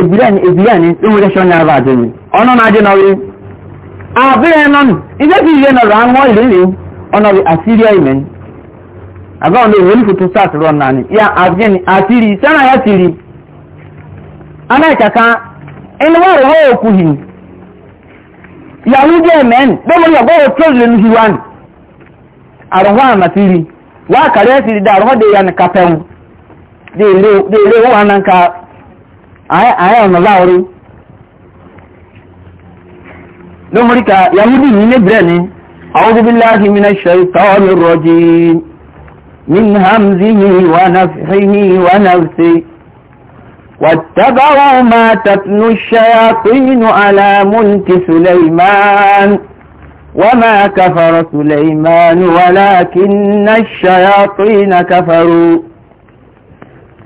ebirani ebirani enwere shọ nyara adị na-adị n'ọrụ abịrị nọnụ ihe dị ihe nọrọ anwụ ọlị nri ọnọrị asiria ime aga ọnụ eweli foto sat rụọ naanị ya abịrị asiri sana ya tiri anaghịkaka e ịnụwa rụwa okwuhi yahudi emen bẹ́ẹ̀ ni ọgbọ́wọ́ tọ́lẹ̀ ní hiwan àrùnwá àmàtiri wà akara dị ya àyà ọ̀nà láàrin lómọ́ríkà yahudi ní níbẹ̀rẹ̀ ni أعوذ بالله من الشيطان الرجيم من همزه ونفحه ونفسه واتبعوا ما تتلو الشياطين على ملك سليمان وما كفر سليمان ولكن الشياطين كفروا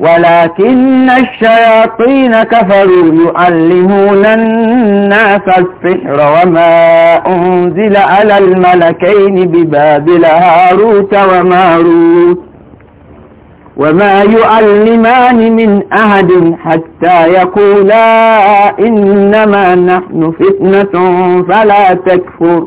ولكن الشياطين كفروا يعلمون الناس السحر وما أنزل على الملكين ببابل هاروت وماروت وما يعلمان من أحد حتى يقولا إنما نحن فتنة فلا تكفر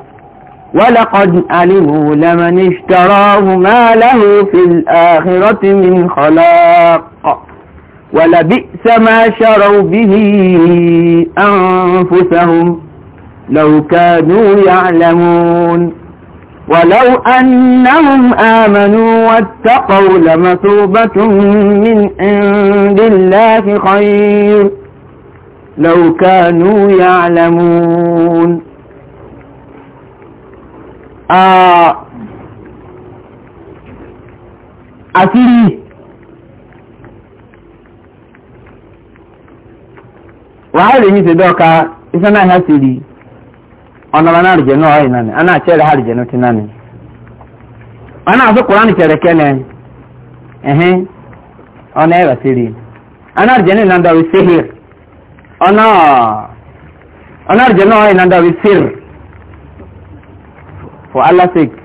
ولقد علموا لمن اشتراه ما له في الآخرة من خلاق ولبئس ما شروا به أنفسهم لو كانوا يعلمون ولو أنهم آمنوا واتقوا لمثوبة من عند الله خير لو كانوا يعلمون Ah, asiri wàhálì ní ti dọ́ka iṣẹ́ náà ha siri rí ọ̀nà bá náà rìjẹ̀ náà ọ̀yìn náà ni a náà kẹ́rẹ̀ ha rìjẹ̀ náà ti náà ni a náà sọ kùránì kẹrẹ̀ kẹ́nẹ̀ ẹ̀hìn ọ̀nà ẹ̀rọ sí rí a náà rìjẹ̀ náà dọ̀wí for Allah's sake.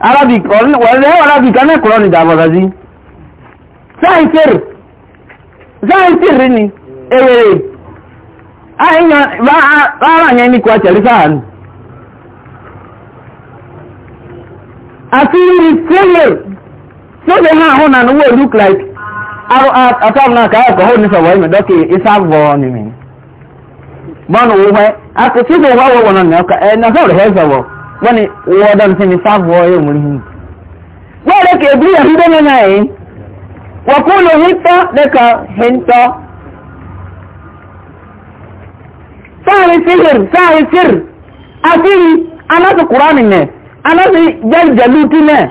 Arabic, or Arabic, I'm Quran eh, eh, eh. ah, in the Abagazi. sir. Zahir sir ni. Ewere. Anya, ba ara nya kwa chali san. Asiri failure. So they ha hona no we look like. Aro atam na ka ko honi so wa me doki isabo ni mi. Bano wo he. Ako sibo wa na ka. na so he so wani ni wọ́ọ́dọ́ ní sinmi sáàbù ọ̀rẹ́ òmùrí yìí wọ́n lè kè bí ẹ̀hún dé mẹ́rin hinta wọ́n kú ló ń tọ́ lẹ́kọ̀ọ́ ṣe ń tọ́ sáàrin síhìr sáàrin sír àfihì aláṣẹ kùránì nẹ aláṣẹ jẹ́jẹ̀lú tínẹ̀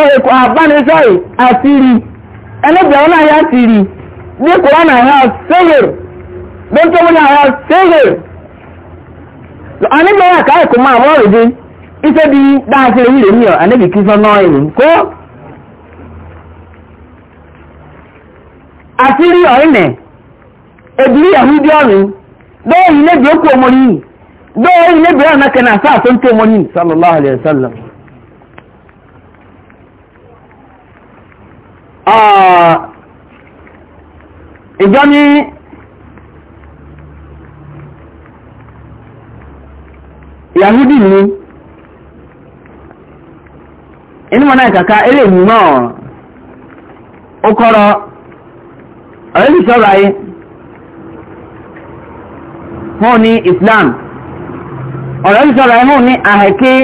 ọ̀rẹ́ kò àbánisọ́rì àfihì ẹlẹ́bẹ̀ẹ́ wọn náà yá síhìr ní kùránì àyà síhìr lóńtọ́wọ́n anigbe ya ka ịkụ e ma amụọ rụdị ife dị daasịrị nwunye mmiri anigbe kizọ n'ọyịrị ko asịrị ọyịnị ebiri e yahudi ọrụ dọọ yi nebi okwu omori dọọ yi nebi ọrụ nake na asaa asọ nte omori sallallahu alaihi wasallam ìjọ ni yahudi ni inú mọ̀ náà kàkà eléyìí náà ó kọ́rọ̀ ọ̀rẹ́ ti sọ́ra yìí hàn ní islam ọ̀rẹ́ ti sọ́ra yìí hàn ní àhẹ́kẹ́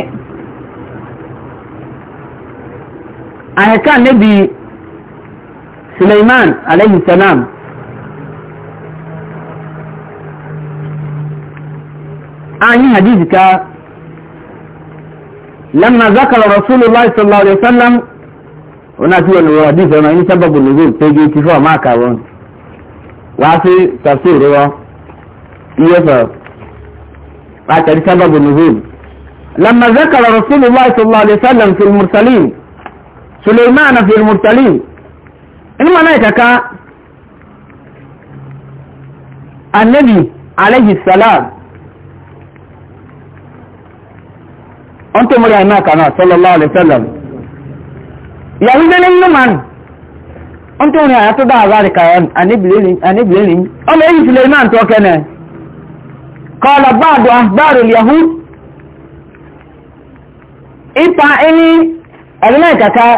àhẹ́kà níbi suleiman aleyhi salam. anyi hadisi ka lamma zakara rasulullahi sallallahu alaihi wasallam ona ti wani hadisi ona ni sababu nuzul pege ti fo ma ka won wa fi tafsir wa iye fa ba ta sababu nuzul lamma zakara rasulullahi sallallahu alaihi wasallam fil mursalin sulaymana fil mursalin in mana ka annabi alaihi salam on to mura na kana sallallahu alaihi wasallam ya wi de ninu man on to mura to da ga ka yan anibilin anibilin o le yi suleiman to kene qala ba'du ahbar al ipa ini adana kaka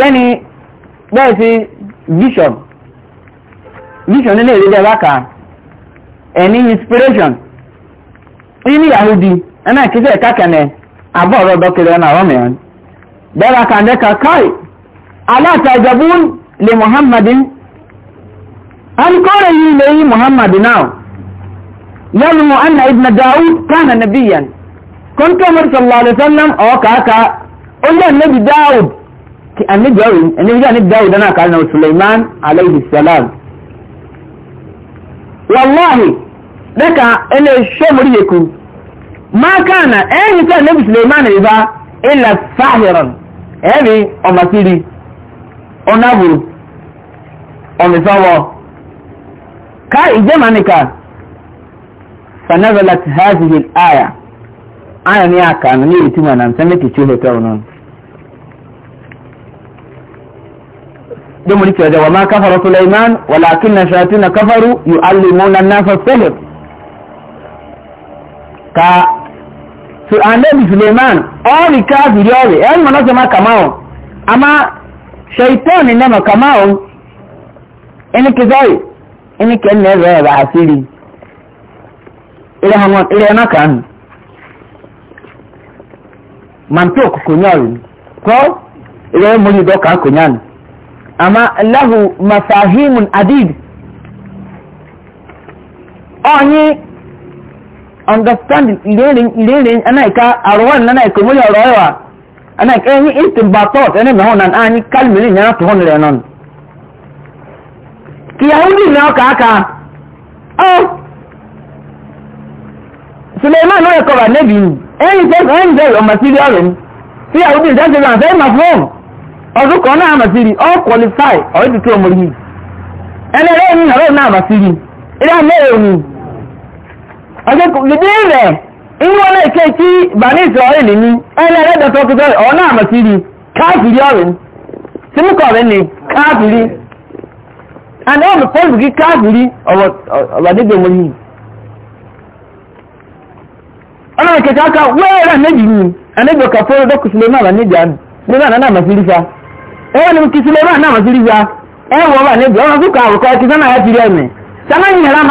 yani bẹ́ẹ̀ sí vision vision nílé ìrẹ́lẹ́ bákan ẹni inspiration ini yahudi ana kisa ka kane abo ro do kire na ro me dara kan de ka kai ala tajabun li muhammadin an kore yi le yi muhammad now yalmu anna ibn daud kana nabiyan kuntu umar sallallahu alaihi wasallam o ka ka ulla nabi daud ki annabi daud annabi daud ana ka daka ene shemuri yeku ma kana ẹni tí a nabi suleiman riba ila sahiran ẹni ọmasiri ọnaburu ọmisọwọ ka ìjẹma nìka fanazalat hazihi aya aya ni aka na ni ìtumọ̀ na nsẹ́mi kìí tún hẹ́tẹ́ ọ̀nà domini kyau da wa ma kafara suleiman walakin na shayatina kafaru yu'allimuna an-nasa sihir ka so ande suleiman ori kafiri ori ẹni mọ̀ náà sọ máa kàmá ọ̀ àmá ṣèitọ́ọ̀nì náà mọ̀ kàmá ọ̀ ẹni kìsọ́ọ̀rì ẹni kẹ́ ní ẹ̀rọ ẹ̀rọ àṣírí ilẹ̀ ẹ̀nà kan màmtí òkùnkù nyọ̀rì kọ́ ilẹ̀ ẹ̀mọ́ yìí dọ́kà kùnyàn lahu mafahimun adid ọ̀nyin understanding ìrẹ́rìn ìrẹ́rìn anáìka àrọwà nínú anáìka ọrụ ọ̀rọ̀ ẹwà anáìka ẹni ìtìmbà tọ́ọ̀tù ẹni mẹ́hùn náà ányí kálmìrì ìyára tó hàn rẹ̀ náà kì yàwó ní ìmẹ́ ọkà aka ọ suleiman ló yẹkọ̀ wà níbi ẹni tẹ́ na ọ qualify akẹ́kọ̀ọ́ lèdè rẹ̀ ìwọ́n náà ké kí bani israel ní ẹni ẹlẹ́dẹ̀ẹ́tọ́ ọ na ọ̀nà àmàkiri káàkiri ọ̀rùn símúkọ̀ rẹ̀ ní káàkiri àná ọ̀nà pọ́ọ̀sì na káàkiri ọ̀wọ̀dẹ́gbẹ̀ wọn na ọ̀nà ìkẹta aka wẹ́ẹ̀rẹ̀ méjì ní ẹnẹ́gbẹ̀ kàfọ́rọ̀ dọ́kù suleiman na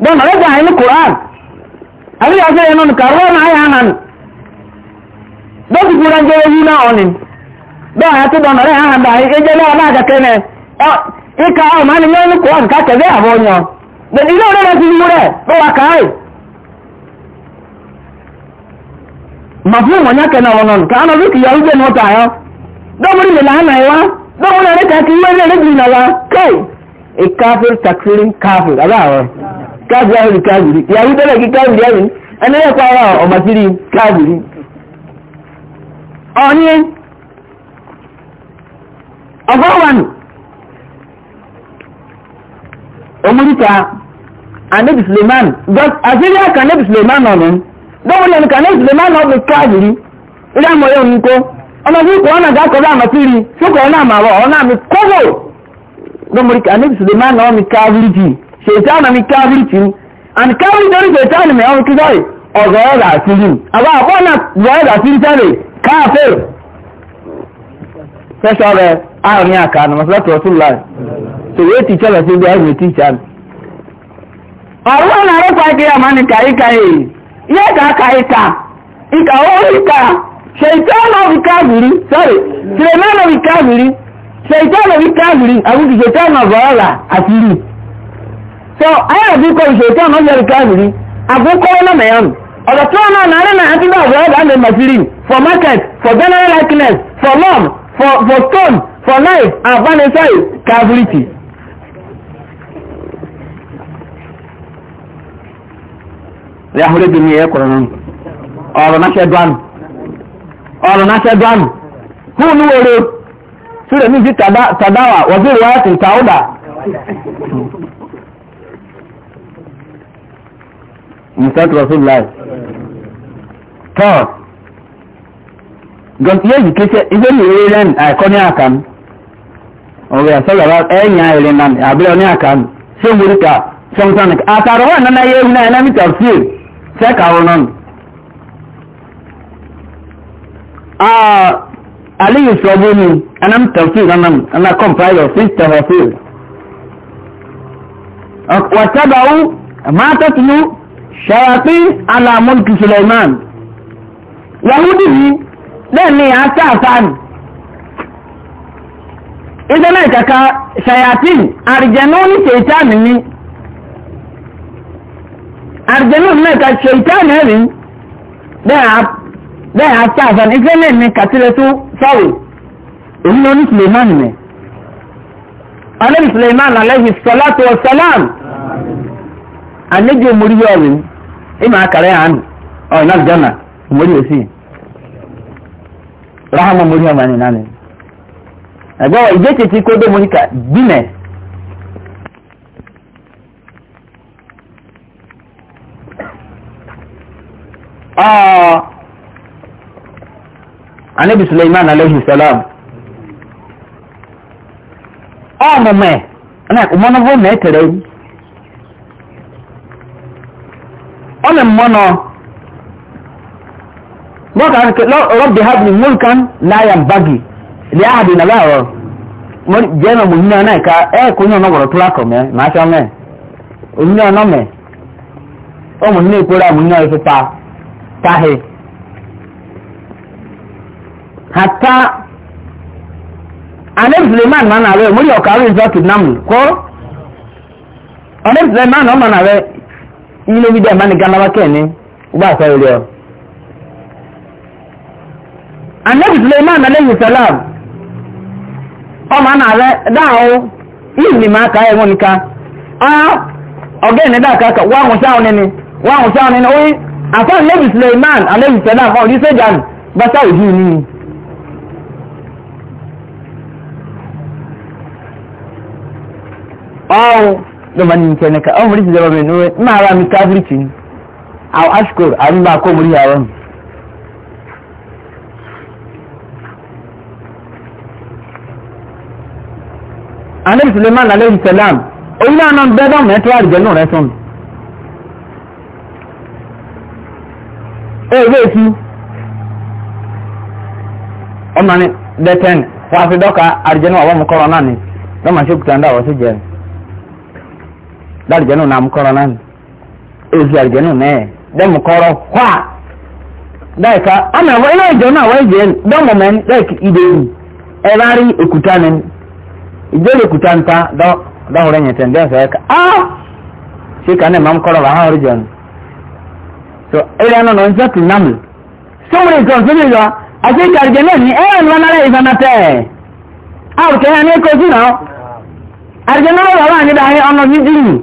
don rage ainihin ƙoran abin da zai nun karo na aya nan don su na onin don ya yati don rai hannun da ainihin na kake ne ika a na yau ni onyo ke na wannan ka ana zuki ya wuce nota yau don muri mila wa kai ikafir takfirin kafir a za káàbì àrùn káàbìrì ìyàwó tẹ́lẹ̀ kí káàbìrì àrùn ẹni lẹ́kọ̀ọ́ ara ọ̀màkiri káàbìrì ọ̀ní ọgọ́wọ̀n omurika anabi suleiman àṣírí àkà anabi suleiman ọ̀nà gbọ́wọ́lẹ̀ nìkan anabi suleiman ọ̀bẹ káàbìrì ilé àmọ̀yẹ òníkó ọmọ fún ìkọ̀ ọ̀nà àkọ́bẹ̀ àmàkiri fúkọ̀ ọ̀nà àmàwọ̀ ọ̀nà àmì kọ́wọ̀ gbọ́mọ̀ríkà anabi suleiman ọ̀mì káàbìrì jì ṣètánà ni káfírí ti ní and káfírí torí ṣètánà mi ọmọ kíkọ́rì ọ̀gọ̀ ọ̀rọ̀ àtìrí àbá àbọ̀nà ọ̀rọ̀ àtìrí sẹ́rẹ̀ káfír fẹ́ṣọ́ rẹ̀ àárín àkànà masalatu rasulullah so wéé ti ṣẹlẹ̀ sí ibi ẹ̀rùn ti ṣàn. ọ̀rọ̀ náà rẹ̀ pàkí àmà ni kàíkà yìí yẹ́ ká kàíkà ìkà owó ìkà ṣètánà fi káfírí sọ́rì ṣètánà fi káfírí ṣètánà fi káfírí àbúkì ṣètánà ọ̀gọ̀ ọ̀rọ̀ àtìrí so anyị abụkọ nsogbu ọnụ ọjọọ nke ahụrị agụkọ ọnụ na ya nụ ọdọtụ ọnụ na arị na atụ na ọbụla ga na masiri for market for general likeness for lawn for for stone for life abanisai cavity. ya hụrụ ebe niile ya ọrụ na ọrụ na shedwanụ hụ n'uwere sụrụ emizi tadawa waziri musa tó rasul lai tó gan yóò yìí kéṣe ife ní eré lẹ́nu àìkọ́ ní àkàm ọ̀rẹ́ àṣọyàwá ẹ̀yìn àìrè nà àbílẹ̀ ní àkàm ṣé mo rí ka ṣọ̀nsán nìkan àtàrà wọn nana yẹ ewu náà ẹ̀nàmí tàbí ṣẹ́ka wọn nánu. aliyu sọ̀bù ni ẹ̀nàmí tàbí nana ẹ̀nà kọ́mpáyọ̀ sí tẹ̀fọ̀fì. wàtábàá máa tẹ̀tùnú ṣàyàpí alamọ́lùkì suleiman yahudi yìí bẹ́ẹ̀ ni a tẹ́ àfáàní ìdáná ìkàkà ṣàyàpí àrìjẹ̀nú ní ṣèìtàn ní àrìjẹ̀nú mẹ́ka ṣèìtàn rí bẹ́ẹ̀ a tẹ́ àfáàní ìfẹ́lẹ̀ ní kàtílẹ̀ tó sọ́wọ́ èyí ni ó ní suleiman ní ọlẹ́bí anagye omori yi ọlụ ịma akara ya anụ ọ na gana omori esi rahama omori ọma anyị naanị ẹgbẹ́ wa ìjẹ́ tètè kó dé omori ka bímẹ. anabi suleiman alayhi salam ọ mụmụ ọmọ mmọ nọ bọ́ọ̀kà àti rọ́bì habni mulkan láyà bagi ilé àdì nà bá rọ jẹ́mẹ̀ mú ní ọ̀nà ìka ẹ̀ kò ní ọ̀nà wọ̀rọ̀ tó lákọ̀ mẹ́ màá ṣọ́ mẹ́ òní ọ̀nà mẹ́ ọmọ ní ìpòrà mú ní ọ̀rẹ́ fipá táhì hàtà anẹ́bì suleiman mọ́ nà rẹ̀ mú ní ọ̀kàrí ìjọ kìdnámù kó ọ̀nẹ́bì suleiman ọmọ nínú bí dẹ́ẹ̀ máa ní gánlá wákẹ́ ní ọgbà àṣà ìrẹ́ ọ. anabi suleiman aleyhi salam ọmọ àná rẹ dáhùn yìí ni màá kà á ẹ̀wọ̀n nìkan ọgẹ́ ìní dáka kà wọ́n àwọn sáwọn nínú wọ́n àwọn sáwọn nínú oyin àṣà anabi suleiman aleyhi salam ọ̀rí sẹ́jà bàtà òjú ni. oh ló nke ní ka nìkẹ́ ọmọ oríṣi ìjọba mi nìwé mi káfíríkì ni àwọn ashkor àríwá kó mú ríyà wọn. suleiman alayhi salam oyin náà náà bẹ́ẹ̀ dáhùn mẹ́tọ́ àrùjẹ́ náà rẹ sọnù. ewé sí ọmọ ní bẹ́tẹ́n wọ́n á fi dọ́ka náà ni ṣe kùtà ń darijanu na mukoro nan ezi arijanu ne de mukoro kwa daika ana wa ina ijo na wa ije don moment like ide ni elari ekutanen ije ekutanta do do hore nyete nden se ka ah shi ka ne mam koro ba ha orijon so ira no non jati naml so many times so many ase ka ni e en wa na le izana te ah ke ne ko sino arijanu wa wa ni da he ono ni dini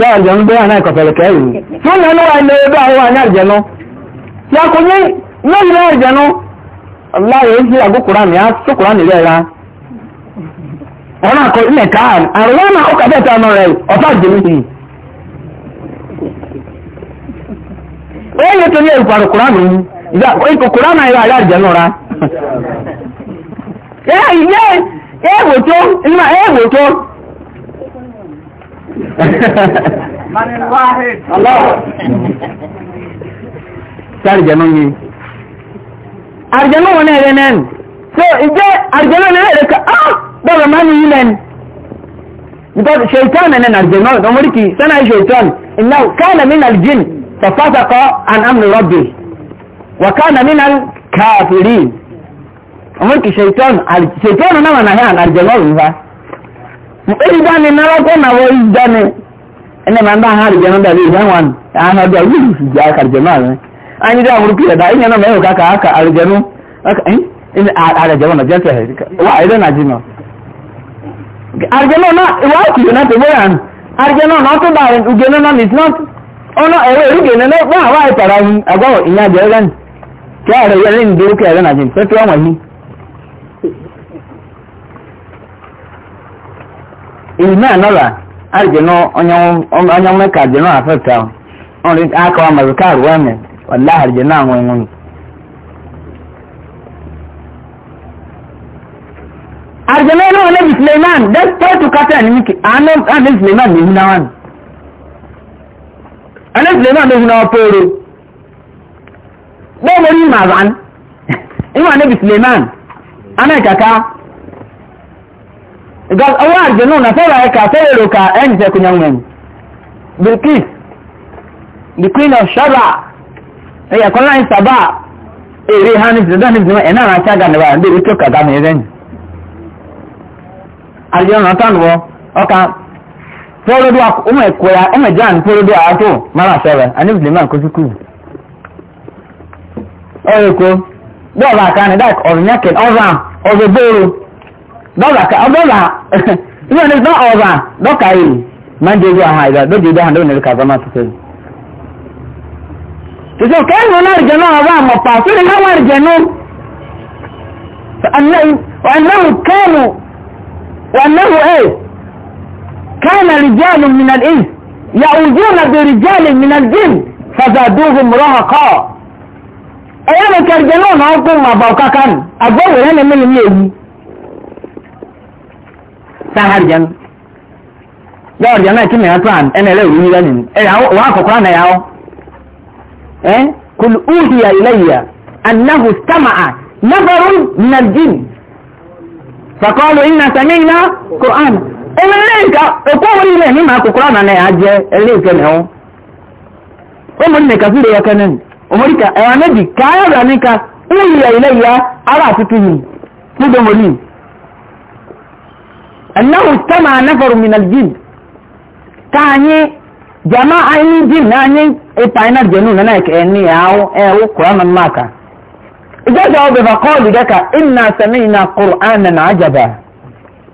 yá àjẹ̀nú gbé a kò ní lórílẹ̀ àjẹ̀nú láyé sí àgókùrá mi á sókùrá nílẹ̀ ra ọ̀nà àkọ ilẹ̀ káà àrùn wọn náà ó kà bẹ́ẹ̀ tán rẹ̀ ọ̀fà jẹ̀mí sí ó yẹ tó ní ẹ̀rù pàrọ̀ kùrá mi ìkọ̀ ya náà yọ ya ra من الواحد الله ترجمه ني ارجمه وانا رنان so ije arjano ne da ka ah da ba mani yinan because shaitan ne na arjano da murki sana shaitan inna kana min aljin fa fasaqa an amri rabbi wa kana min al kafirin murki ìdáni nárakọ́ náà wọ́n ìdáni ẹni ma ń bá hàn àrìjẹ́ náà dàbí ìdáni àwọn ọdún àwọn ìlú ìjọ àkàrìjẹ́ náà rẹ̀ anyi dá àwọn olùkìlẹ̀ dá ìyẹn náà mẹ́rin kàkà àkà àrìjẹ́ nú àrìjẹ́ wọn jẹ́ tẹ̀hẹ̀ wà ẹ̀dẹ́ náà àrìjẹ́ náà ìwà òkùnjẹ náà tó bóyá nù àrìjẹ́ náà náà tó bá ìgbẹ́ náà náà ime anọla arjino onye mmeka arjino afeta ọrụ aka wa mazụ ka ruwa ne wala arjino anwe nwunu arjino ne wale bi suleiman that's part to kata ni miki ano ane suleiman ne hina wani ane suleiman ne hina wa poro bẹ́ẹ̀ mo rí màzán ìwọ̀n ane bi suleiman kaka Because ọwọ́ àjẹnú na fẹ́ràn ẹ̀ka fẹ́ràn èrò ka ẹ̀yìn tẹ́ kúnyà wọn. Bilkis, the queen of Shaba, ẹ̀yà kan láì sábà èrè ha ní ìdílé dání ìdílé ẹ̀nà àti àga nìbà ẹ̀ bẹ̀rẹ̀ tó kàga mi rẹ̀ ni. Àjẹnú náà tán wọ ọkà fọ́lọ́dún wa ọmọ ẹ̀kọ́ ya ọmọ ẹ̀já ní fọ́lọ́dún wa tó mara sọ̀rọ̀ ẹni ìdílé máa kó sukùl. Ọ̀rọ̀ èkó bọ́ọ̀lù àkànnì dáì ọ̀rọ̀ dọ́là dọ́là ilé ẹni dọ́ ọ̀rà dọ́kà yìí máa ń jẹ́ ojú àhà ìgbà lójú ìdá àdó nílùú kàzọ́ máa tuntun. tuntun kẹ́hìn náà rìjẹ́ náà ọ̀rọ̀ àmọ̀ pa sí ni láwọn rìjẹ́ nú. wàlẹ́wù kẹ́hìn wàlẹ́wù ẹ̀ kẹ́hìn rìjẹ́lì minal is yàwùjú na bẹ rìjẹ́lì minal jim fàzàdúhù mùrọ̀hà kọ́. ẹ̀yẹ́ mi kẹ́rìjẹ́ náà náà gún màbà ọ̀kákan àgbọ̀wò yẹn ni mí sáhárì jẹun yọọ jẹun náà kí mìíràn tó àn ẹnẹ ẹlẹ́rìí yíra nìyí ẹ̀yà wà á kọ̀kọ́ àná yàwó ẹ kò lù úhìyà ìlẹ́yìyà anáhù sámàá nàbọ̀rù nàdín fàkọ́lù iná sàmì iná kùrán ẹnlẹ́ nǹka ẹ̀kọ́ wọn ilẹ̀ ní màá kọ̀kọ́ àná yà á jẹ ẹlẹ́ ìfẹ́ nà ní mẹ̀ka fúlẹ̀ yẹ kẹ́nẹ́ ọmọdé ká أنه اجتمع نفر من الجن تاني جماعة الجن ناني إبعنا الجنون هناك إني أو أو قرآن ماكا إذا جاوب فقالوا لك إنا سمعنا قرآنا عجبا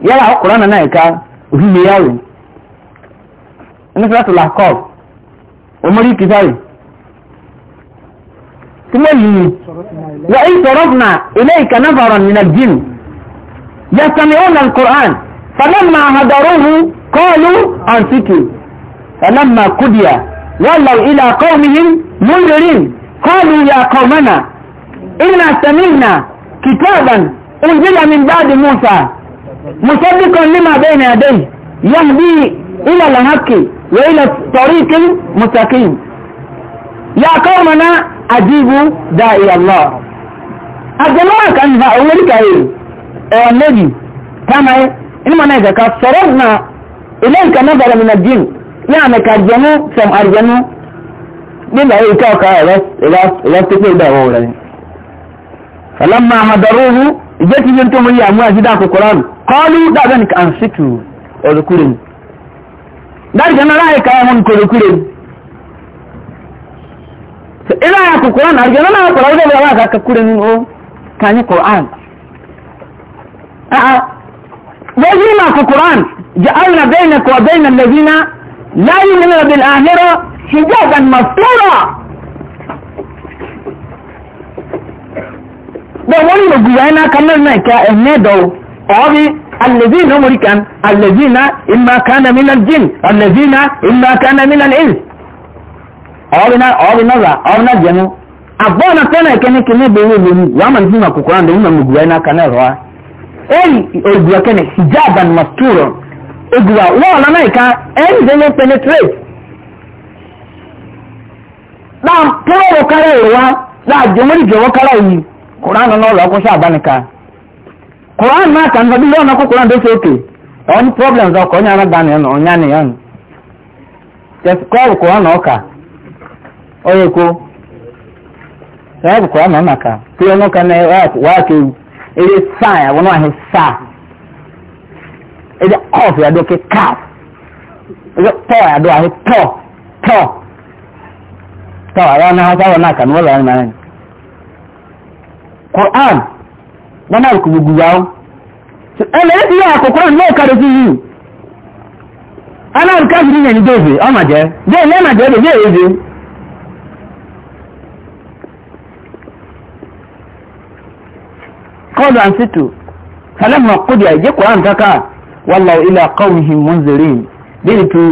يلا قرآن نايكا وهم ياوي مثل الأحقاب ومري كتابي تملي وإن صرفنا إليك نفرا من الجن يستمعون القرآن فلما هدروه قالوا أنصتوا فلما قضي ولوا إلى قومهم منذرين قالوا يا قومنا إنا سمعنا كتابا أنزل من بعد موسى مصدقا لما بين يديه يهدي إلى الحق وإلى طريق مستقيم يا قومنا أجيبوا داعي الله أجمعك أنها أولك أيه أو النبي كما إنما نجاك فررنا إليك نظر من الجن يعني كالجنو سم أرجنو بما يكاوكا بس إذا تكير ده هو فلما حضروه جت جنتم هي أموها جدا في القرآن قالوا دا ذلك أنسكوا أذكرين دا جنا رأيك أمون كذكرين إذا يكو القرآن أرجنا لا أقرأ إذا بلا كذكرين كان القرآن أه ويجي مع في القرآن جعلنا بينك وبين الذين لا يؤمنون بالآخرة حجابا مستورا da wani da guya na kamar na ka ene da obi allazina murikan allazina imma kana min aljin allazina imma kana min alins obi na obi na za obi na jenu abona tana kene kene be wo ni wa man jima ku kuran da imma guya na kana rawa eyi ogua kene hijaban masturo ogua wọọlọ náà ìka ẹni tó ń penetrate náà púrọ̀wọ̀ kára ìwá náà jọmọ́lì jọwọ́ kára yìí kùránù náà lọ́kọ́ sábàáníkà kùránù náà kàn fọdún yóò náà kùránù tó ṣe òkè ọ̀n problems na ere saa ya wọn ahụ saa ere kọf ya doke kaf ere tọ ya do ahụ tọ tọ tọ ya na hausa wọn n'aka na ụlọ ya na anyị quran wọn ahụ kubugu ya ẹnna esi ya akụkọ na ọkara si yi ana nkasi ni nyani dozie ọ ma jẹ jẹ ilé ma jẹ ebe jẹ ebe. قالوا أنصتوا فلما قضي يجيكوا أنتكا والله إلى قومهم منذرين بلتو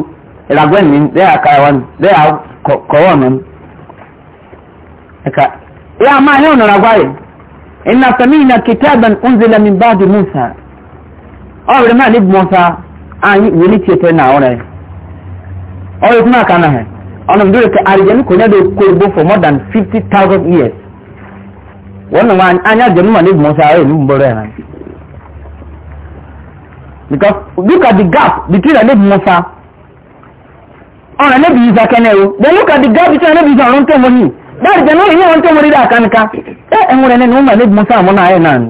الأقوان من ذا كاوان ذا قوانا يا ما هنا الأقوان إن سمعنا كتابا أنزل من بعد موسى أو لما نب موسى أن يلتي تنا أولا أو يتنا كان هنا أنا مدرك أرجل كنا دو كوربو for more than 50,000 years wannan ma anya jenu ma ne musa ayo ni mbore na because look at the gap between the nabi musa ọ̀nà nabi isa kẹ́nẹ̀ o then look at the gap between the nabi isa ọ̀rọ̀ tó mọ̀ ní dáàrí jẹ́ náà ìyẹ́wọ̀n tó mọ̀ rí dáa kánká ẹ ẹ̀wọ̀n ẹni wọ́n ma nabi musa àmọ́ náà ayẹ́ náà ni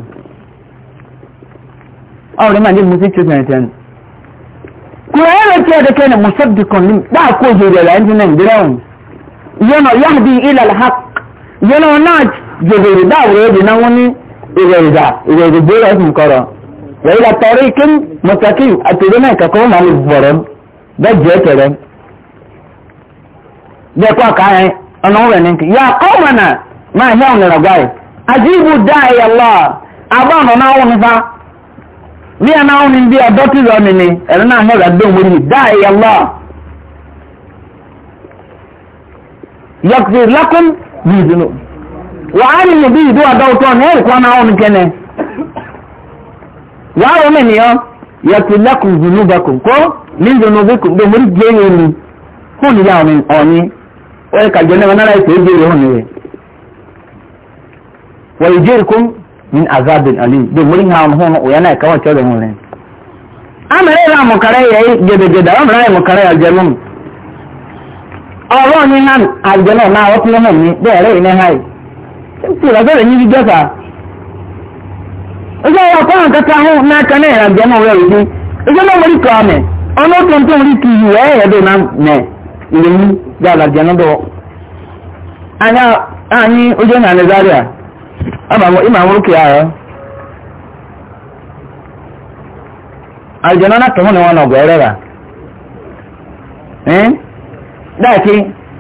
ọ̀rọ̀ ma nabi musa treatment ẹni kùrọ̀ ẹ̀rọ tí ẹ̀dẹ̀ kẹ́nẹ̀ musa dìkan ní dáa kó ìjẹ́ ìrẹ̀lẹ̀ ẹni náà ìdírẹ̀ ọ̀hún yẹ́nà yáàbí ilẹ̀ alhaq yẹ́nà náà jòjòrò dáàbò ẹ̀dì náà wọ́n ní ìrẹ̀ ìdà ìrẹ̀ ìdìbò rẹ̀ fún kọ̀rọ̀ wọ́n ilẹ̀ tọ́rí kí mọ̀tàkì àtẹ̀dẹ́ náà kẹ́kọ̀ọ́ máa lè bọ̀rọ̀ bẹ́ẹ̀ tẹ̀rẹ̀ bẹ́ẹ̀ kọ́ àká yẹn ọ̀nà òwúrẹ̀ ní kí yà kọ́ mọ̀nà máa hẹ́ òun ìrọ̀gbà yìí àjíìbù dá ẹ̀yà lọ àbá ọ̀nà náà wọ́n nípa bí ẹ̀ náà wọ́n ní bí ọ̀dọ́ tí lọ nìní ẹ̀rọ náà mọ̀rọ̀ àdó wọlé dá ẹ̀yà lọ yọkùsì lọ́kùn bìbìnú wàhálì ni bí ìdó àdáwòtó ọ̀nà ẹ̀rì kan náà ọ̀nà kẹ́nẹ̀ wàá wọ́n mi nìyọ́ yẹtù lẹ́kùn zùnú bẹ́kùn kó ní zùnú bẹ́kùn bẹ́ẹ̀ mórí gbé yẹn ni fún ìyá ọ̀nì ọ̀nì wọ́n yẹ kàjọ náà náírà ìfẹ́ ìjẹ́rì ọ̀nì rẹ̀ wọ́n ní azabin ali bẹ́ẹ̀ mórí ha ọ̀nà hún òyà náà káwọ́ tẹ́lẹ̀ hún rẹ̀ amẹ́rẹ́ ìlà mọ̀kàrẹ́ yẹ gẹ̀dẹ̀gẹ̀dẹ̀ amẹ́rẹ́ mọ̀kàrẹ́ ọ̀rọ̀ ìrọ̀sẹ̀ rẹ̀ yíyí jọ́sà ọjọ́ ìwà kọ́ àkàtà ahọ́ n'aka náà ìrìn àjẹmọ́ rẹ̀ rẹ̀ bí ọjọ́ náà wọ́n kọ́ ọmọ ọ̀nà tó ń tó ń rí kì í wẹ́ ẹ̀yẹ́ dùn náà nẹ̀ ìrìn mú dáadáa jẹ́nu dọ̀ anyị ojú ọ̀nà nàìjíríà ịma àwọn òkè ahọ́ àjẹ̀nà náà tó hún ni wọn nà ọ̀gọ̀ ẹ̀rẹ́ rà dáàkì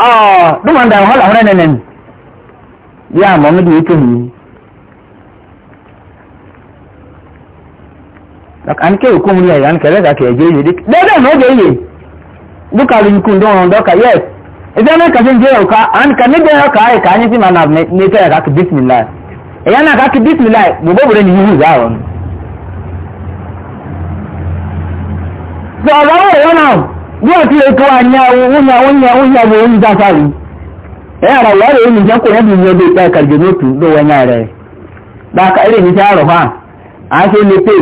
Oh, đúng anh đào hóa lỏng đây này nè. Dạ, mọi người nghĩ cái gì? Lọc anh kêu cung này, anh kể ra kể gì gì đi. Đấy đó, nói gì gì? Lúc cao linh cung đông đó cả yes. Idan na kashin je yau ka an ka ne da ka ai ka ni sima na ne ta ka bismillah. Ya na ka bismillah, mu ba bure wọ́n ti lè kọ́ àyà wúnyà wúnyà wúnyà wò ó ń dáfà yìí ẹ̀yà rà wọ́n rẹ̀ èyí nìjẹ́ kò yẹ́bi ní ọdún ìpẹ́ kàrìjẹ́ nóòtù ló wọ́n yà rẹ̀ dáka ẹ̀rẹ̀ ní sáà rọ̀ fà á ṣe lè pè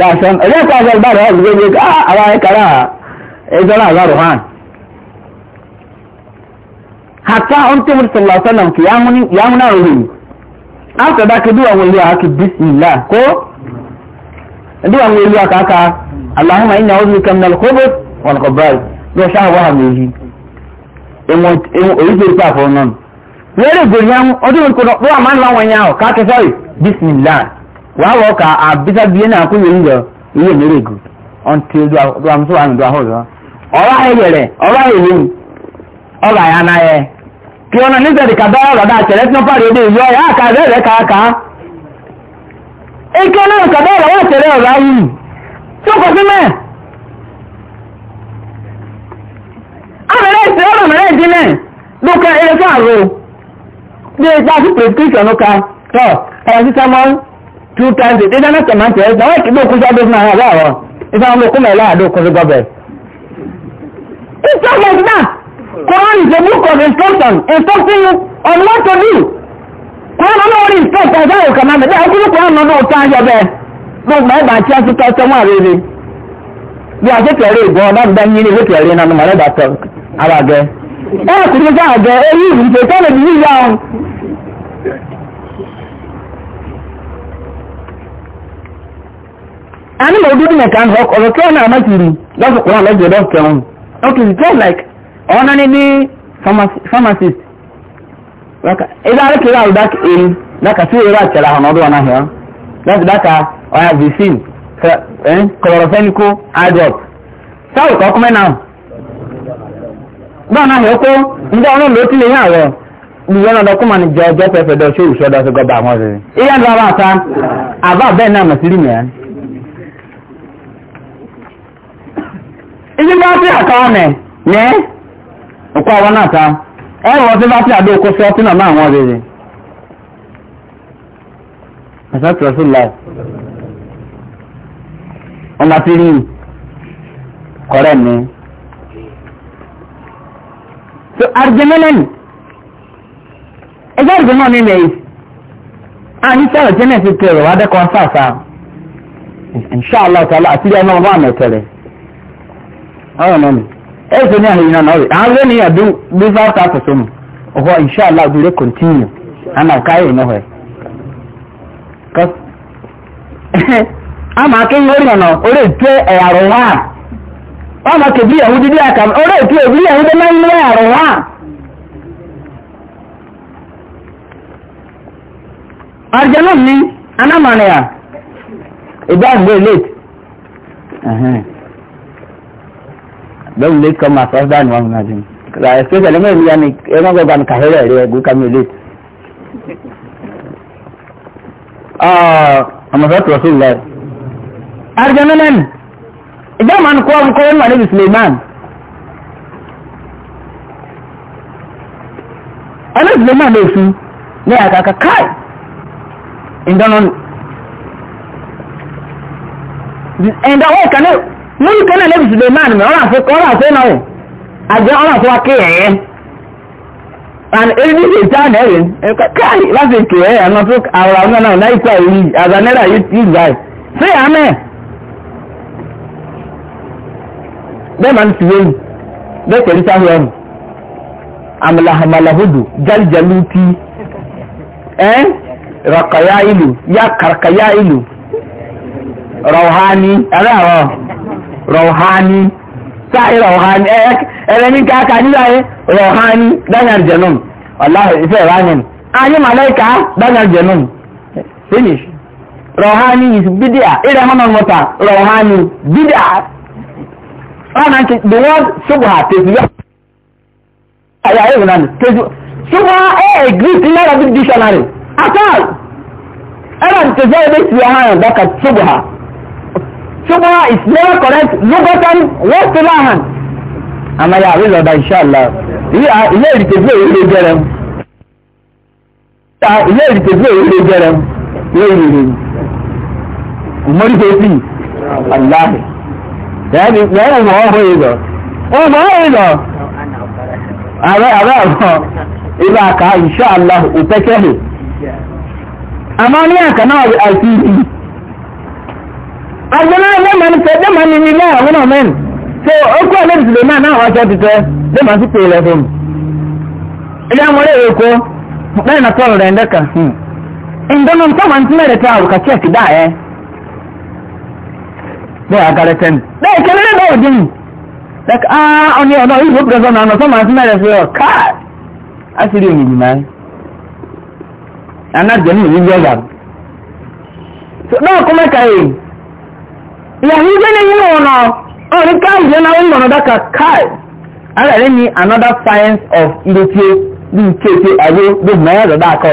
dáṣọ ẹ̀rẹ́ kọ́ àṣọ ìbára ẹ̀ gbé gbé àwọn ẹ̀kárà ẹ̀jọ́ náà rọ̀ fà. hàtà ọ̀n tó wọn kọ báyìí bí ẹ ṣáà wà hàn èyí èyí tó ìpàfọ́ náà wẹ́rẹ́ gòrí yẹn ọdún òkú náà wọ́n máa ń lọ wọn yẹn ọ̀ káàkiri sọ́ọ̀rì bísímìlá wàá wọ̀ ká àbísà bíyẹn náà kú yẹn yọ iye mèrè gù ọ̀ntì duamuso wà nínú duahọ́ ọ̀rọ̀ ọ̀rọ̀ ayẹyẹrẹ ọ̀rọ̀ ayẹyẹrẹ ọ̀rọ̀ àyànná yẹ kí ọ̀nà nítorí kàbá ọ̀rọ̀ dà tẹ̀lé tí wọ́n pàdé ọdẹ ìlú ọ̀yà àká rẹ̀rẹ̀ kàákà ike náà kàbá ọ̀rọ̀ wà ọ̀rọ̀ ayé tí ó sí mẹ́ẹ̀ ọ̀rẹ́ ìsẹ́ ọ̀rọ̀ mẹ́rẹ́ ìdílẹ̀ ló ka ẹ káàró bí ipa sí prescription ka tọ́ ẹ̀rọ sí sẹ́mọ́n two times eight eight hundred and ninety náà wọ́n ti gbé òkú sábẹ́ fún àwọn àbáwọ̀ ìfẹ́ àwọn olókùn mẹ́lá àdó òkun sí gọ́bẹ̀. it's all like that Quran is a book of instruction instructing you on what to do. Quran ọ̀nà orí instruct ẹ̀dá òkà máa bẹ̀rẹ̀ ọkùnrin Quran ọ̀nà ọ̀tá ayọ̀ bẹ́ẹ̀ gbogbo ẹ̀bà tí a ti tọ́ sẹ́wọ́n àrẹ́rẹ́ bí a ṣe tẹ̀lé ìbọn ọ̀dọ́ àbàgẹ́ ẹ kò tó sáà gẹ eyí ìrìnsè sọ́nà ìdílé ìyá wọn. ani ma odudu na kan hok ọ̀rọ̀ kẹ́ náà mákìrì lọ́sọ̀ kọ́ náà lọ́jọ́ dọ́kẹ́ wọn ok it's just like ọ ni ní pharmacist ẹgbẹ́ arákùnrin àwọn dákà èyí dákà tí èrò àtẹ̀rẹ̀ àwọn ọdún ọ̀nà hìọ́ láti dákà ọ̀yà vicin chlorophenico eye drop sáwọ̀ kọ́kọ́ mẹ́nà báwọn náà yọkọ ndé ọlọ́run ló ihe lè yàn rọ na náà dọkọ máa ní jẹ ọjọ́ pẹpẹ dọ ṣé òṣù ọdọ ṣùgbọ́n bá àwọn ọ̀rẹ́ ìyá ń dára na àbá bẹ́ẹ̀ náà mọ̀sílì mìíràn. ìdí bá ti àkàwọn nẹ ní òkú àwọn náà ta ẹ wọ sí bá ti so arjẹmẹlẹni ẹjẹ arjẹmọ mi mẹ yìí a ní sọrọ jẹnẹ ti wà dẹkọ sáàsá inṣàlá ọtàlá àti ìyá ọmọ àmì tẹrẹ ọrọ mọ mi ní àhìyàn náà rẹ àwọn lónìí àdún bí fáwọn ká sọsọ mu ọwọ inṣàlá òdúró kọntínú àná káyọ iná hẹ kọ ama akéwì orí ọ̀nà orí ètò ẹ̀yàrá wáà. ọmọ kèbí ẹ̀hún dídí àkàmù ọ̀rẹ́ ìtú èbí ẹ̀hún dé máa ń lé àrùn wá. ni, mi anámọ̀nìyà ìgbà àgbò late bẹ́ẹ̀ late come as first down one hundred and especially mẹ́rin ya ni ẹ̀rọ gbọ́gbà ní kàhẹ́rẹ́ ẹ̀rọ ẹ̀gún kàmí late. ọmọ sọ́tù rọ̀ sí ìlẹ̀ ọ̀rẹ́jẹ̀lú mẹ́rin ìjọba máa ń kọ́ ọ̀rùn kọ́wé wà níbi suleiman ọ̀nà suleiman lè fi ní àkàkà káì ìdáná ìdáwọ́ ìkànnì lórí kan náà níbi suleiman mi ọ̀rọ̀ àfẹ́ ọ̀rọ̀ àfẹ́ náà àjẹ́ ọ̀rọ̀ àfẹ́ wa kéèyàn and èyí ní ìta nẹ́rin káì láti kéèyàn àwọn àwọn náà náà ikú àìrí àzànẹ́rà yìí báyìí sí àmẹ́ bẹ́ẹ̀ máa ń ti wéyìn bẹ́ẹ̀ tẹ̀lé sáhùn ẹ̀mù amàlàhàmàlàhùdù jálìjálù ti ẹ́ rakaya ìlú yá kàrkaya ìlú rọ̀hání ẹ̀rẹ́ àrọ̀ rọ̀hání sáì rọ̀hání ẹ̀rẹ́ ní káàkà nílá ẹ̀ rọ̀hání daniel jenum aláhùn ìfẹ́ ìránìm ayé màláìka daniel jenum finish rọ̀hání is bidia ìrẹ́ hànà mọ́ta rọ̀hání bidia ọ̀nà nke the word ṣubha tẹ̀síwá ayé ayé wọn ni tẹ̀síwá ṣubha ẹ̀ greek ní arabic dictionary atal ẹ̀rọ tẹ̀síwá ẹ̀ bẹ̀ sí ọ̀hán dọ́kà ṣubha ṣubha is never correct lugatan wọ́sùláhàn àmàlà àrí lọ́dà ìṣàlá ilé ìrìtẹ̀síwá èyí lè jẹrẹ ilé ìrìtẹ̀síwá èyí lè jẹrẹ ilé ìrìtẹ̀síwá mọ́rí tó sì aláhìí. yàrá ìwọ̀ ọ̀hún ìlọ ọmọ ìlọ ààrẹ ààrẹ ọ̀hún ìlọ àkà ìṣọ́ àlọ́ òpẹ́kẹ́hì àmọ́ ní àkà náà àti ìlú agbẹ́nà lẹ́mọ̀ni tẹ lẹ́mọ̀ni ní ilé àwọn ọmọ ẹ̀mí tó ókú ọlẹ́dìdìlẹ̀ náà náà wájọ́ títẹ́ lẹ́mọ̀ni sí pèlè fún ilé àwọn ọ̀rẹ́ èkó lẹ́yìn àtọ́rọ̀ rẹ̀ ndẹ́ka ǹdọ́nà tọ́mọ̀ ní tí mẹ́rẹ̀ tẹ́ ka chẹ́ẹ̀kì dáa ẹ́ bẹ́ẹ̀ agarẹ́tẹ́ ni bẹ́ẹ̀ kí lórí náà dín like ah ọ̀nì ọ̀nà ìlú pẹ̀lú ọ̀nà sọ́mà sí mẹ́rẹ̀ fi ọ̀ káà á sì rí ènìyàn máa anájẹ́ ní ìlú yọ̀gà bẹ́ẹ̀ kọ́ mẹ́ka yìí ìyàwó ìgbé ní yìí ọ̀nà ọ̀rí káà ìjẹ́ náà ń lọ́nà dáka káà ara rẹ̀ ní another science of ilé tí ó bí kéèké àgbo gbogbo náà yàtọ̀ dáa kọ́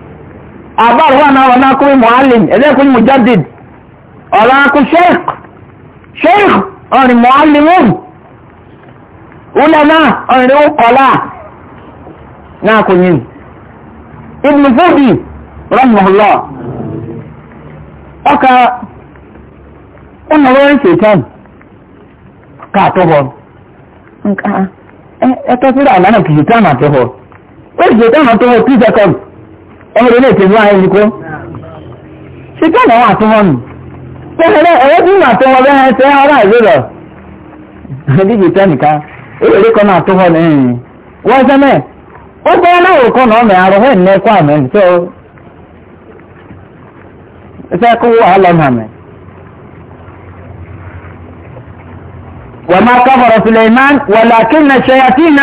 àbáwò wà náà ọ̀nà akúwé muhalim ẹ̀dẹ́kùn mujadid ọ̀nà akú sheikh sheikh ọ̀rìn muhalimun ulama ọ̀rìn ọkọ̀lá náà kò yìn ibn fudi rahmahullah ọkà ọ̀nàwó ìṣètàn káàtọ́bọ̀ ẹ̀ẹ́tọ́ síra àlànà kìí tán àtọ́bọ̀ ó ìṣètàn àtọ́bọ̀ ọmọdé lè tẹ̀lé ààyè yìí kọ́. ṣíkẹ́ náà wà tó wọn nù. tẹ́lẹ̀ ẹ̀rẹ́ tí mà tó wọn bẹ́ẹ̀ tẹ́ ara ìlú lọ. díje tẹ́ náà tó wọn ẹ̀yìn. wọ́n ṣe ó kọ́ náà mẹ́ وما كفر سليمان ولكن الشياطين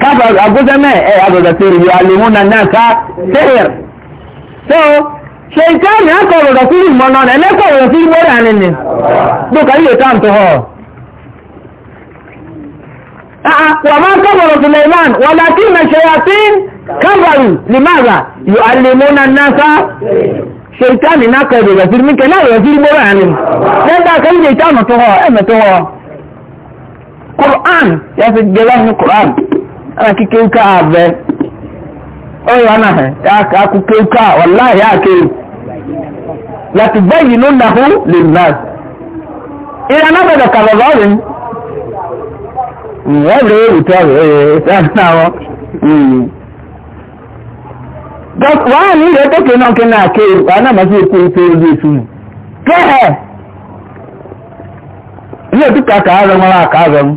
كفر أقدمه أي أقدر تقول يعلمون الناس سحر so ṣeitan ya kọrọ da fili mọ́nà rẹ̀ lẹ́kọ̀ọ́ rẹ̀ fili mọ́rẹ̀ àní ni dùkà yíò tán tó họ wà máa kọrọ suleiman wà láti na ṣeyatin kábàrù limára yóò alimuna nasa ṣeitan ya kọrọ da fili mọ́rẹ̀ àní lẹ́gbàá kan yíò tán tó họ ẹ̀mẹ̀ tó họ Qur'an ya fi gẹ́gẹ́ Qur'an ana kí kéwúká abẹ ana hẹ̀ ya ká kú ya kéwù láti báyìí ló nà hó lè nà ìrìn anábẹ̀dẹ̀ kàlọ̀ lọ́rì wọ́n lè wùtọ́ rẹ̀ ẹ̀ ọrụ wọ́n ní ilẹ̀ tókè náà kí na mm.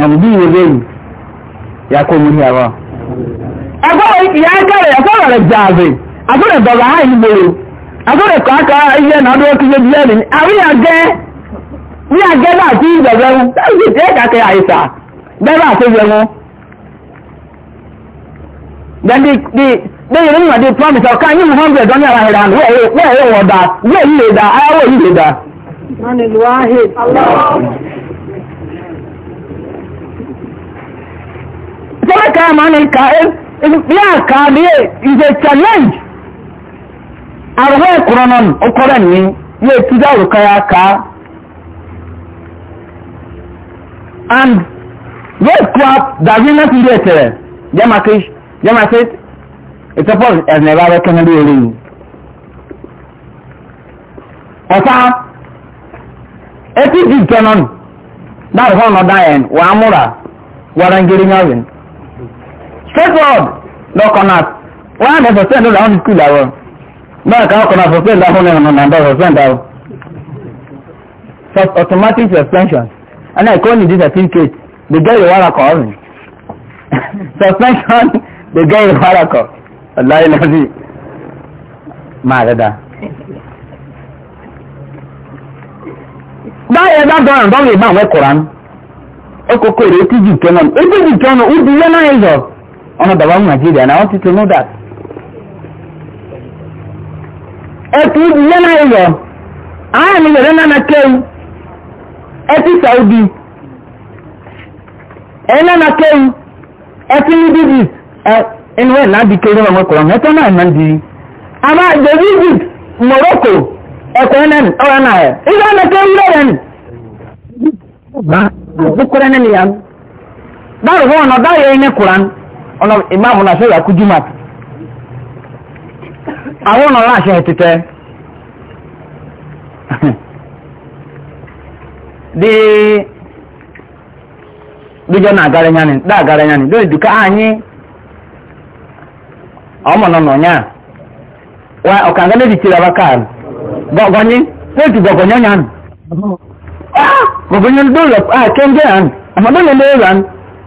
àmùdí ìwé bẹ́ẹ̀lì yàkó mú ní àwọn. ẹgbẹ́ ìyá kẹrẹ̀ ẹ̀fọ́ rẹ̀ jààzì àtúrẹ̀ dọ̀gà á yìí gbòòrò àtúrẹ̀ kọ́ aka iye nàdó kí ló bílẹ̀ ní àwọn àgẹ́ ní àgẹ́ náà tí ìgbẹ̀gbẹ̀ a tẹ́lifí tí ẹ̀ka kẹ àìsà bẹ́ẹ̀ àti ìgbẹ̀ Whatever kind of money can, yeah, can be, is a challenge. Àwọn ẹ̀kùnrin náà ọkọ̀rẹ́ ní yóò tí dáwò káyà ká. And those crap that we not do it there, Jamakish, Jamakish, it's supposed as never recommend you read. Ọ̀sán, etí ìjọ náà, dáwò hàn ọ̀dá ẹ̀ wà á múra, wà á ń gírí náà straightforward lọ́kọ̀nà one hundred percent lọ́la hundred school àwọn báyìí kan ọkọ̀nà percent láhùn ẹ̀rọ náà náà percent àwọn. First automatic suspension and I call you this case dey get your warako ọ̀rìn suspension dey get your warako ọ̀láyé lọ́sí máa rẹ̀ dá. báyìí ẹ bá dọ̀rọ̀ báwo lè bá àwọn ẹ̀kọ́ rán ọkọ̀ kọ̀ èrè ètí jù kẹ́nà ètí jù kẹ́nà ó di yẹn náà ẹ̀ yọ̀. ọmọ bàbá ọmọ nigeria and i want you to know that. ẹtù ìdílé náà yọ àwọn àmì ndị náà nàkéwù ẹtì saudi ẹ náà nàkéwù ẹtì nídìdì ẹ ẹnu na náà na kéwù ọmọ kọrọ ẹtọ náà náà di àmà jẹbi egypt morocco ẹkọ ẹ náà ọrọ náà ẹ ìgbà nàkéwù na báwo kúrẹ́ nínú yàrá báwo wọn ọ̀nà báyọ̀ ẹ̀ ní kuran. ọ̀nà ìmáàmù náà ṣẹ̀yà kú jùmọ̀ àwọn ọ̀nà náà ṣe títẹ́ di dijọ́ náà agara ẹ̀yà ni dá agara ẹ̀yà ni lórí dùkọ́ anyị ọmọ nọ n'ọnya wa ọ̀kàngá lè dìtìrì abaka gọ̀gọ̀nyí pẹ́ẹ̀tì gọ̀gọ̀nyọ́nyá nù gọ̀gọ̀nyọ́ lórí ọ̀kẹ́ ń jẹ́ àmọ́ lórí lórí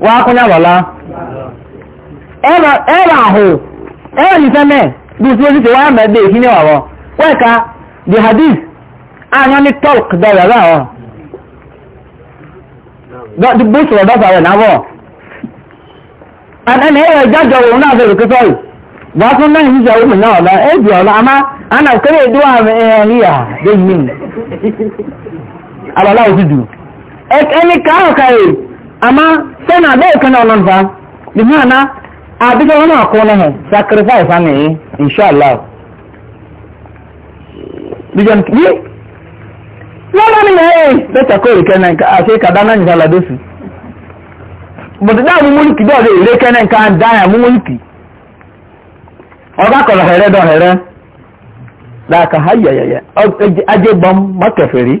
wà á kúnyà wọ̀lá ẹ̀rọ àhù ẹ̀rọ nìfẹ́mẹ́ bí tí ó sì ti wáyà mẹ́bẹ̀ èkí ka the hadith àyàn ní tọ́lk dọ̀rọ̀ rẹ̀ ọ̀ the bush rẹ̀ dọ́sà rẹ̀ náwọ̀ ẹ̀nà ẹ̀rọ na òun náà fẹ́ rùkú sọ́rù wà á tún náà níjà òun náà ka amma sai na bai kana wannan fa bi mana a bisa wani ako na he sacrifice ne insha Allah bijan ni wala ni he beta ko ri kana ka sai ka dana ni sala dosu but da mu mulki do de ire kana ka da ya mu mulki oga ko la here do here da ka hayya ya ya aje bam makafiri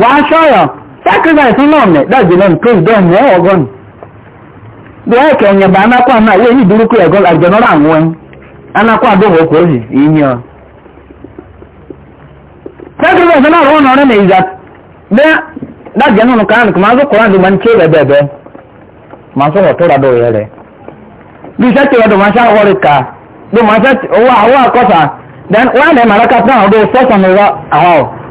wàá ṣọ́yọ̀ sacrifice náà mẹ́ dájú náà tó ìdán ní ọgọ́nù bí ẹ kẹ ọ̀yàn bá anákọ́ àná ilé yìí burúkú ẹ̀gọ́ àjọ̀nọ́rọ̀ àwọn ẹni anákọ́ àdóhùn kò sì yíyan ọ. sacrifice náà wọ́n nọ rẹ́nà ìjà bí dájú náà kan kò máa ń sọ̀kọ́ àdó máa ń tẹ́ bẹ́ẹ̀ bẹ́ẹ̀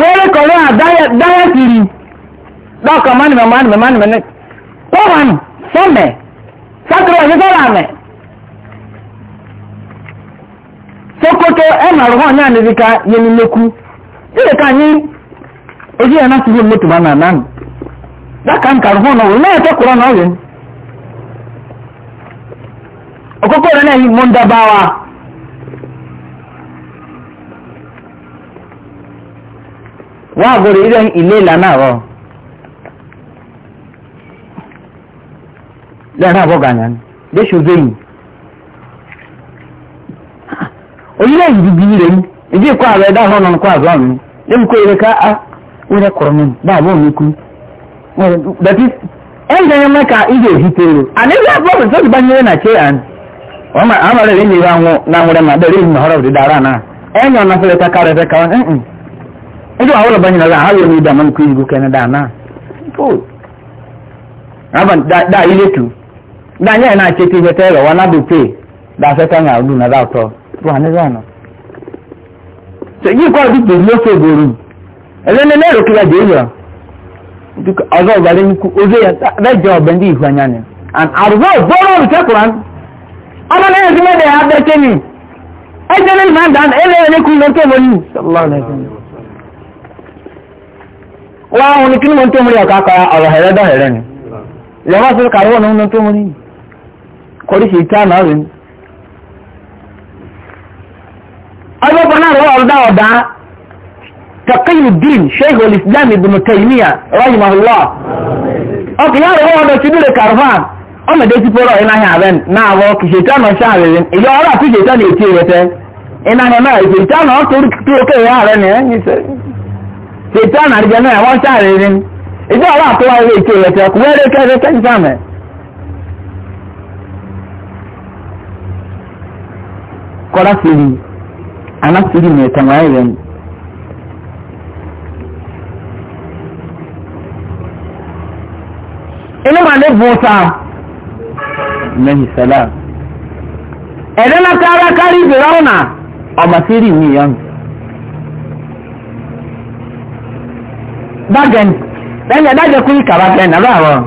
wẹ́rẹ́ kọ̀rọ̀ à dáyẹ̀tì rí dọ́kọ̀ mánì mẹ́mọ́ mánì mẹ́mọ́ mẹ́mọ́ pọ́wọ́n sọ́mẹ̀ sátúrọ̀ ní sọ́rọ̀ àmẹ́ sokoto ẹ̀mà rọ̀ ní ànìríkà yẹn lẹ́kú ilẹ̀ ká ní ojú ẹ̀ náà ti yé mọ́tò bá nà náà dákà ń kàrọ̀ hàn wọ́n àgọ́rò ilé ilé ìlànà àwọ̀ lẹ́yìn náà bọ́gà yẹn léṣe obéyìn onílẹ̀ ìdìbí rẹ̀ ní ìdí ìkọ́ ààrẹ dáhùn ọ̀nà kọ́ àbúrò mi lẹ́yìn kó eré ká á ah, wọ́n rẹ̀ kọ̀rọ̀ mi bá àbúrò mi kú bẹ̀tí ẹ̀ǹdẹ̀ yẹn mẹ́ka ìdí èyí tèrè àní ìdí àbúrò mi sọ́dún bá ń yẹrẹ nàìjíríà yẹn wọ́n máa rẹ̀ dara na. àwọn na wọ́n rẹ̀ máa bẹ̀rẹ̀ ìmọ̀ ọ̀rọ̀ ẹjọ́ àwọn ọlọ́bàá yìnyín náà ayọ̀ ní ìdààmú nìkan ìgbò kẹ́ni dáná fóòl rábà da ilé tu dá yẹn náà ṣe ti ṣe tẹ́ ẹ̀rọ wọn náà dùn pé dá sẹ́tà ní àrùn náà dáàtọ̀ wà ní ìlànà. ṣèyí kọ́ ọdún tó ló fẹ́ gbòòrò ẹlẹ́ni lẹ́rọ kí wàá jẹ́ yọ ọ̀gá ọ̀gá lé ní kú ojú yẹn bẹ́ẹ̀ jẹ́ ọ̀bẹ ní ìhù ẹ̀yán ni àrùbọ̀ bọ́ọ̀lù olùkẹ́kọ̀ọ́ ọmọ lẹ́yìn sí mẹ́rin abẹ́kẹ́ni ẹ̀jẹ̀ lẹ́yìn máa ń dáná ẹ̀lẹ́yìn ní kú lọ́tọ̀ lónìí. wọ́n àwọn ní kí ni mo ń tó múlẹ̀ ọ̀ká kọ ọ̀rọ̀ hẹ̀rẹ́ ni lẹ́wọ́n sí kàríwọ̀ ní oúnjẹ tó múlẹ̀ kọ́ríṣì ìtàn rí ọjọ́ kan náà lọ́wọ́ ọ̀dá ọ̀dá takiyu din islam ibn taymiya rahimahullah ok ya rọwọ́ ọdọ̀ tí nílẹ̀ ṣètàn àríjẹ náà wọ́n ṣàárẹ̀ rí ni ìjọ àwọn àtọwà ilé ìtò ìrẹsẹ̀ ọkùnrin eré kẹrẹ kẹsìtàmẹ̀. kọ́lá fèrè aláfèrè ní ẹ̀tàn wáyé rẹ̀ ni. inú màá lè bùn sa lẹ́yìn sẹ́lá ẹ̀rẹ́ náà kára kárí ìbẹ̀rẹ̀ ọ̀nà ọ̀bà sí rí mi yọ̀nù. bargain ẹni adájọ́ kú ní kàbákẹ́ nàbà àwọn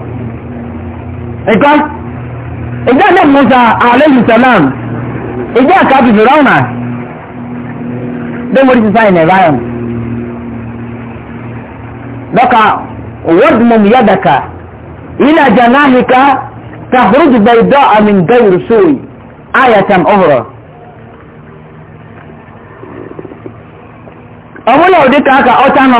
ẹ̀kọ́ ìjọ ní musa alayhi salam ìjọ àkàbí fìrọ́nà bí mo rí sísá ìnà ìbáyọ̀ lọ́ka wọ́n yàdàkà ilé àjà náà nìka tàhùrùjù bẹ̀ ìdọ́ àmì gẹ̀rù sóyì ayatan ọ̀hùrọ̀ ọmọlẹ̀ ka aka ọ̀tá nọ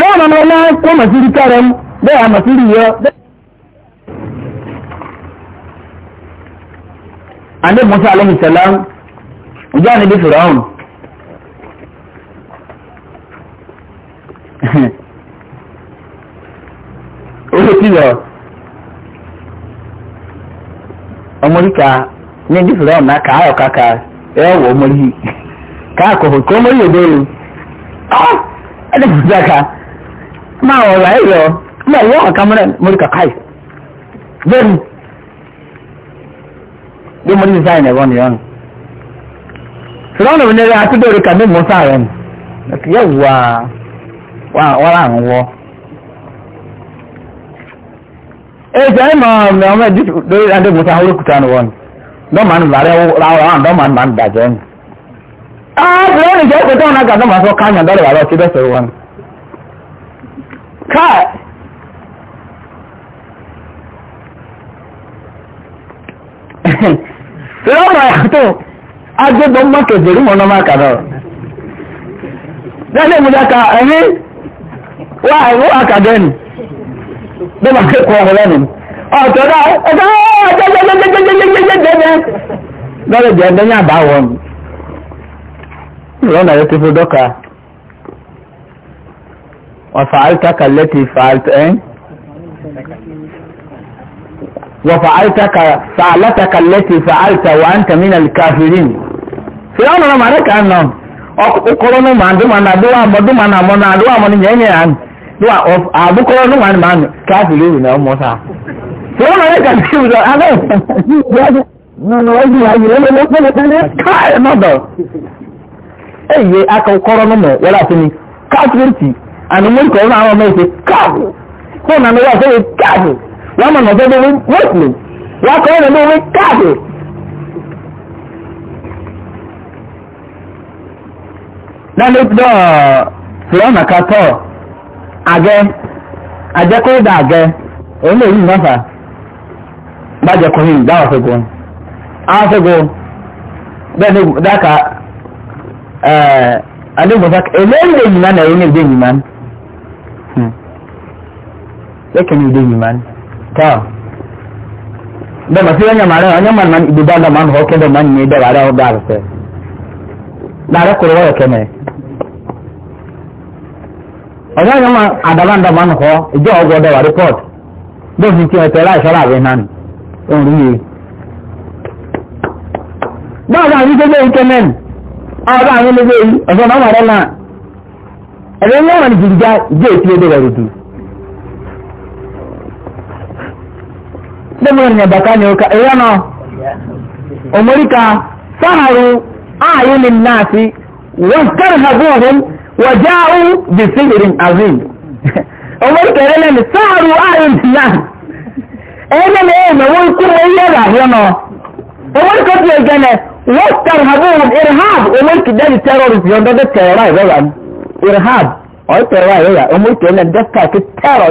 lọ́wọ́ màmá ọlá kó màsírí kárẹ̀ mú bẹ́ẹ̀ àmàsírí yọ. Adé Musa alayhi salam ìjọ́ ni bí Fìrọ́hùn. Owó ti yọ ọmọríkà ní bí Fìrọ́hùn náà kà á yọ kàkà ẹ̀ wọ̀ ọmọrí kà á kọ̀ kò ọmọrí yóò dé o. Adé Musa kà á ma ọ̀rọ̀ ẹ̀yọ ma ẹ̀yọ àkàmúrẹ̀ mórí kàkáì bẹ́ẹ̀ni bí mo ní design ẹ̀wọ́n ni yọ́n fìlọ́nà mi nílẹ̀ àti bẹ́ẹ̀rẹ̀ kàmí mọ́ sáàrẹ̀ ni yẹ wà wọ́n rà ń wọ́ ẹ̀jẹ̀ ẹ̀ máa mi ọmọ ẹ̀dí lórí adé mo sá olókùtà ni wọ́n dọ́mà ń bàrẹ̀ ráwọ̀ àwọn dọ́mà ń bà ń dàjẹ́ ni. ah fìlọ́nà ìjẹ́ ìpẹ́tọ́ náà gàdọ́mà sọ káyàn dọ́lẹ̀ wà lọ sí bẹ́sẹ̀ wọn káà lọ́rọ̀ àtọ́ agbébọn mọ́kẹ̀dẹ̀rí mọ́nà máa kàdọ̀ lẹ́lẹ́ mú dáka ẹni wà ẹ̀rọ àkàdẹ́nì bí ma kékọ̀ọ́ ọ̀rẹ́nì ọ̀tọ̀ náà ọ̀tọ̀ ọ̀tọ̀ ọ̀tọ̀ ọ̀tọ̀ ọ̀tọ̀ وفعلتك التي فعلت ايه وفعلتك فعلتك التي فعلت وانت من الكافرين فرعون لما ركع انه ọkọlọ́nù máa dùn máa nàdúrà mọ́ dùn máa nàmọ́ nàdúrà mọ́ nìyẹn ní àná dùn àbúkọlọ́nù máa máa nù káàkiri ìrìnà ọmọ sáà fún ọ̀rẹ́ kàbí ìrìnà alẹ́ nínú ọdún ayé lọ́lọ́pẹ́lẹ́pẹ́lẹ́ káà ẹ̀ náà dọ̀ ẹ̀yẹ akọkọrọ́nù mọ̀ wọ́lá sí ni káàkiri àní mú kọ̀ ọ́nà àwọn ọmọ ìṣe na fún àmì wà sórí káàbù wọ́n mọ̀ nà sọ́dọ̀ wọ́pù wọ́n kọ́ ọ́nà lórí káàbù. lẹ́nu dọ́ fìlọ́nà kàtọ́ àgẹ́ àjẹkọ́dà àgẹ́ òun lè yí nọ́fà bàjẹ́kùnrin dáwọ́ fẹ́gun àwọn fẹ́gun bẹ́ẹ̀ ni dáka ẹ̀ẹ́dẹ́gbọ̀n fẹ́kẹ́ man yake ni dai man ta da masu yanya mara anya man man ibu da man ho ke da man ne da wara ho da se da ra ko wa ke ne ọjọ́ yẹn máa àdàbàǹdà máa ń kọ́ ìjọ ọgọ́dọ̀ wà report bó fi ti ọ̀tẹ̀ láìsọ́ra àbẹ̀ náà ni òun rí i. báwo ni àwọn ìdílé ìkẹ́mẹ́ni àwọn àwọn ìdílé ọ̀sán náà wà rẹ́ náà ẹ̀rọ ńlá wọn jì já ìjọ ètí ó dẹ̀rẹ̀ rùdù sẹ́mi ọ̀nà ìbàká ni ọkà ẹ̀rọ náà ọmọríkà sáàrù ààyè ní náàfi wọ́n kẹ́rì àbúhùn wọ́n já ó bí síhìrìn àzín ọmọríkà ẹ̀rọ lẹ́nu sáàrù ààyè ní náà ẹ̀rọ lẹ́nu ẹ̀rọ mẹ́wọ́ ikú wọ́n yẹ́ rà náà ọmọríkà ti ẹ̀gẹ́nẹ̀ wọ́n kẹ́rì àbúhùn ìrìhàb ọmọríkà dẹ́ni tẹ́rọ̀rì irhab ɔyɛ tɛrɛ wa yɛ ya ɔmo tɛrɛ na dɛka ke tɛrɛ